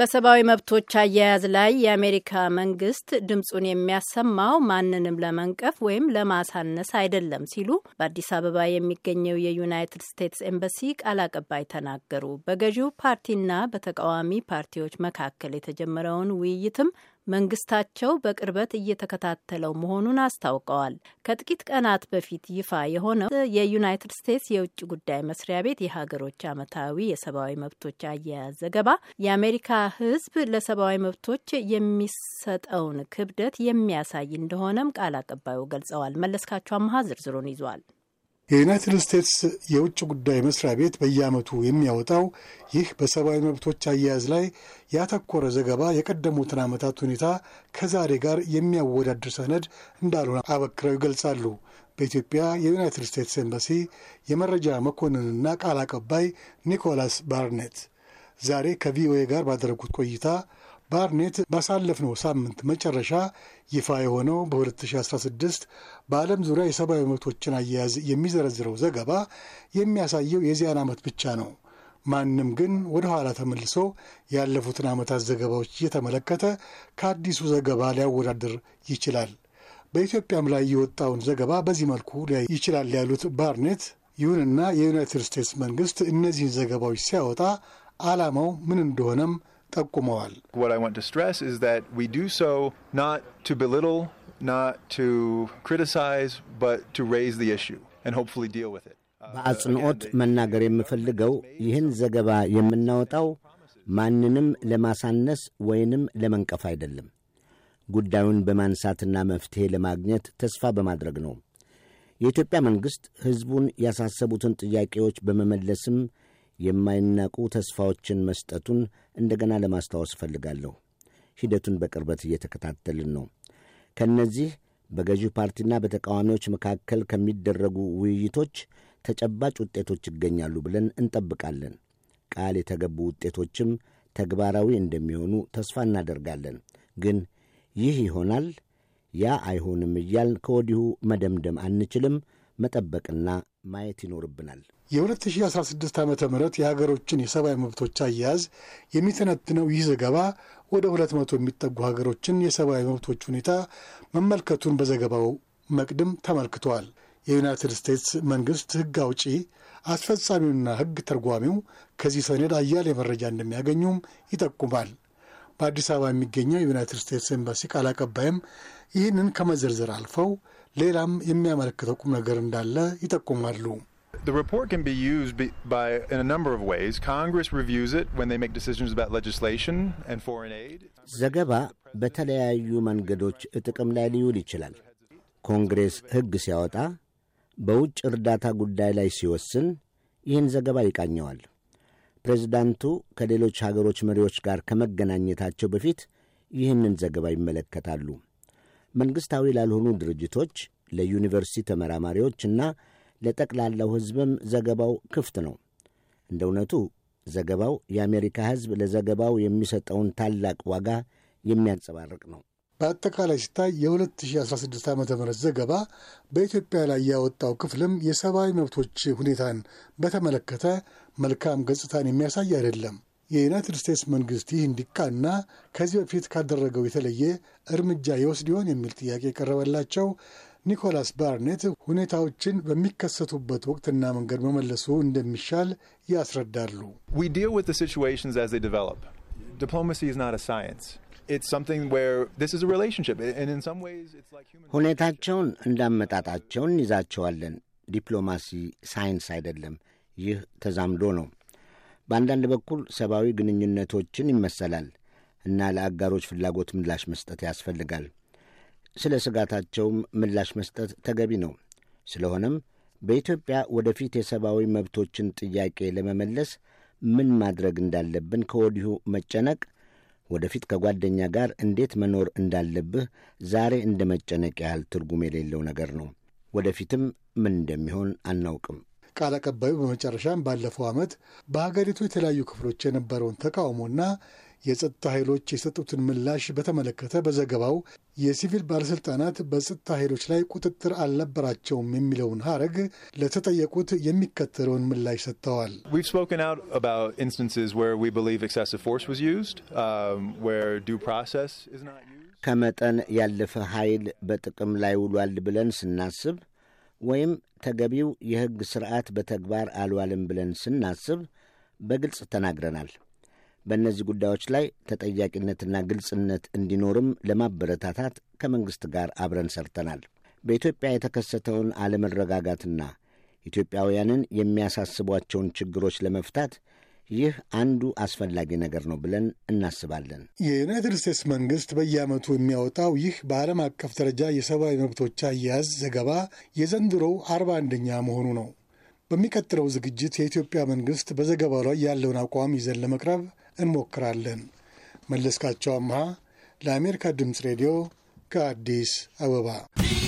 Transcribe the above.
በሰብአዊ መብቶች አያያዝ ላይ የአሜሪካ መንግስት ድምፁን የሚያሰማው ማንንም ለመንቀፍ ወይም ለማሳነስ አይደለም ሲሉ በአዲስ አበባ የሚገኘው የዩናይትድ ስቴትስ ኤምባሲ ቃል አቀባይ ተናገሩ። በገዢው ፓርቲና በተቃዋሚ ፓርቲዎች መካከል የተጀመረውን ውይይትም መንግስታቸው በቅርበት እየተከታተለው መሆኑን አስታውቀዋል። ከጥቂት ቀናት በፊት ይፋ የሆነው የዩናይትድ ስቴትስ የውጭ ጉዳይ መስሪያ ቤት የሀገሮች ዓመታዊ የሰብአዊ መብቶች አያያዝ ዘገባ የአሜሪካ ሕዝብ ለሰብአዊ መብቶች የሚሰጠውን ክብደት የሚያሳይ እንደሆነም ቃል አቀባዩ ገልጸዋል። መለስካቸው አመሀ ዝርዝሩን ይዟል። የዩናይትድ ስቴትስ የውጭ ጉዳይ መስሪያ ቤት በየዓመቱ የሚያወጣው ይህ በሰብአዊ መብቶች አያያዝ ላይ ያተኮረ ዘገባ የቀደሙትን ዓመታት ሁኔታ ከዛሬ ጋር የሚያወዳድር ሰነድ እንዳልሆነ አበክረው ይገልጻሉ። በኢትዮጵያ የዩናይትድ ስቴትስ ኤምባሲ የመረጃ መኮንንና ቃል አቀባይ ኒኮላስ ባርኔት ዛሬ ከቪኦኤ ጋር ባደረጉት ቆይታ ባርኔት ባሳለፍነው ሳምንት መጨረሻ ይፋ የሆነው በ2016 በዓለም ዙሪያ የሰብአዊ መብቶችን አያያዝ የሚዘረዝረው ዘገባ የሚያሳየው የዚያን ዓመት ብቻ ነው። ማንም ግን ወደ ኋላ ተመልሶ ያለፉትን ዓመታት ዘገባዎች እየተመለከተ ከአዲሱ ዘገባ ሊያወዳድር ይችላል። በኢትዮጵያም ላይ የወጣውን ዘገባ በዚህ መልኩ ሊያይ ይችላል ያሉት ባርኔት፣ ይሁንና የዩናይትድ ስቴትስ መንግስት እነዚህን ዘገባዎች ሲያወጣ ዓላማው ምን እንደሆነም ጠቁመዋል። uh, በአጽንኦት uh, መናገር የምፈልገው ይህን ዘገባ የምናወጣው ማንንም ለማሳነስ ወይንም ለመንቀፍ አይደለም። ጉዳዩን በማንሳትና መፍትሔ ለማግኘት ተስፋ በማድረግ ነው። የኢትዮጵያ መንግሥት ሕዝቡን ያሳሰቡትን ጥያቄዎች በመመለስም የማይናቁ ተስፋዎችን መስጠቱን እንደገና ለማስታወስ እፈልጋለሁ። ሂደቱን በቅርበት እየተከታተልን ነው። ከእነዚህ በገዢው ፓርቲና በተቃዋሚዎች መካከል ከሚደረጉ ውይይቶች ተጨባጭ ውጤቶች ይገኛሉ ብለን እንጠብቃለን። ቃል የተገቡ ውጤቶችም ተግባራዊ እንደሚሆኑ ተስፋ እናደርጋለን። ግን ይህ ይሆናል ያ አይሆንም እያል ከወዲሁ መደምደም አንችልም። መጠበቅና ማየት ይኖርብናል። የ2016 ዓ ም የሀገሮችን የሰብአዊ መብቶች አያያዝ የሚተነትነው ይህ ዘገባ ወደ ሁለት መቶ የሚጠጉ ሀገሮችን የሰብአዊ መብቶች ሁኔታ መመልከቱን በዘገባው መቅድም ተመልክቷል። የዩናይትድ ስቴትስ መንግስት ህግ አውጪ አስፈጻሚውና ህግ ተርጓሚው ከዚህ ሰነድ አያሌ መረጃ እንደሚያገኙም ይጠቁማል። በአዲስ አበባ የሚገኘው የዩናይትድ ስቴትስ ኤምባሲ ቃል አቀባይም ይህንን ከመዘርዘር አልፈው ሌላም የሚያመለክተው ቁም ነገር እንዳለ ይጠቁማሉ። The report can be used by in a number of ways. Congress reviews it when they make decisions about legislation and foreign aid. ዘገባ በተለያዩ መንገዶች ጥቅም ላይ ሊውል ይችላል። ኮንግሬስ ሕግ ሲያወጣ፣ በውጭ እርዳታ ጉዳይ ላይ ሲወስን ይህን ዘገባ ይቃኘዋል። ፕሬዚዳንቱ ከሌሎች ሀገሮች መሪዎች ጋር ከመገናኘታቸው በፊት ይህንን ዘገባ ይመለከታሉ። መንግሥታዊ ላልሆኑ ድርጅቶች፣ ለዩኒቨርሲቲ ተመራማሪዎችና ለጠቅላላው ሕዝብም ዘገባው ክፍት ነው። እንደ እውነቱ ዘገባው የአሜሪካ ሕዝብ ለዘገባው የሚሰጠውን ታላቅ ዋጋ የሚያንጸባርቅ ነው። በአጠቃላይ ሲታይ የ2016 ዓ ም ዘገባ በኢትዮጵያ ላይ ያወጣው ክፍልም የሰብአዊ መብቶች ሁኔታን በተመለከተ መልካም ገጽታን የሚያሳይ አይደለም። የዩናይትድ ስቴትስ መንግስት ይህ እንዲቃና ከዚህ በፊት ካደረገው የተለየ እርምጃ ይወስድ ይሆን የሚል ጥያቄ የቀረበላቸው ኒኮላስ ባርኔት ሁኔታዎችን በሚከሰቱበት ወቅትና መንገድ መመለሱ እንደሚሻል ያስረዳሉ። ሁኔታቸውን እንዳመጣጣቸውን ይዛቸዋለን። ዲፕሎማሲ ሳይንስ አይደለም። ይህ ተዛምዶ ነው። በአንዳንድ በኩል ሰብአዊ ግንኙነቶችን ይመሰላል እና ለአጋሮች ፍላጎት ምላሽ መስጠት ያስፈልጋል። ስለ ስጋታቸውም ምላሽ መስጠት ተገቢ ነው። ስለሆነም በኢትዮጵያ ወደፊት የሰብአዊ መብቶችን ጥያቄ ለመመለስ ምን ማድረግ እንዳለብን ከወዲሁ መጨነቅ ወደፊት ከጓደኛ ጋር እንዴት መኖር እንዳለብህ ዛሬ እንደ መጨነቅ ያህል ትርጉም የሌለው ነገር ነው። ወደፊትም ምን እንደሚሆን አናውቅም። ቃል አቀባዩ በመጨረሻም ባለፈው ዓመት በሀገሪቱ የተለያዩ ክፍሎች የነበረውን ተቃውሞና የጸጥታ ኃይሎች የሰጡትን ምላሽ በተመለከተ በዘገባው የሲቪል ባለሥልጣናት በጸጥታ ኃይሎች ላይ ቁጥጥር አልነበራቸውም የሚለውን ሀረግ ለተጠየቁት የሚከተለውን ምላሽ ሰጥተዋል። um, ከመጠን ያለፈ ኃይል በጥቅም ላይ ውሏል ብለን ስናስብ ወይም ተገቢው የሕግ ሥርዓት በተግባር አልዋልም ብለን ስናስብ በግልጽ ተናግረናል። በእነዚህ ጉዳዮች ላይ ተጠያቂነትና ግልጽነት እንዲኖርም ለማበረታታት ከመንግሥት ጋር አብረን ሰርተናል። በኢትዮጵያ የተከሰተውን አለመረጋጋትና ኢትዮጵያውያንን የሚያሳስቧቸውን ችግሮች ለመፍታት ይህ አንዱ አስፈላጊ ነገር ነው ብለን እናስባለን። የዩናይትድ ስቴትስ መንግስት በየዓመቱ የሚያወጣው ይህ በዓለም አቀፍ ደረጃ የሰብአዊ መብቶች አያያዝ ዘገባ የዘንድሮው አርባ አንደኛ መሆኑ ነው። በሚቀጥለው ዝግጅት የኢትዮጵያ መንግስት በዘገባው ላይ ያለውን አቋም ይዘን ለመቅረብ እንሞክራለን። መለስካቸው አምሃ ለአሜሪካ ድምፅ ሬዲዮ ከአዲስ አበባ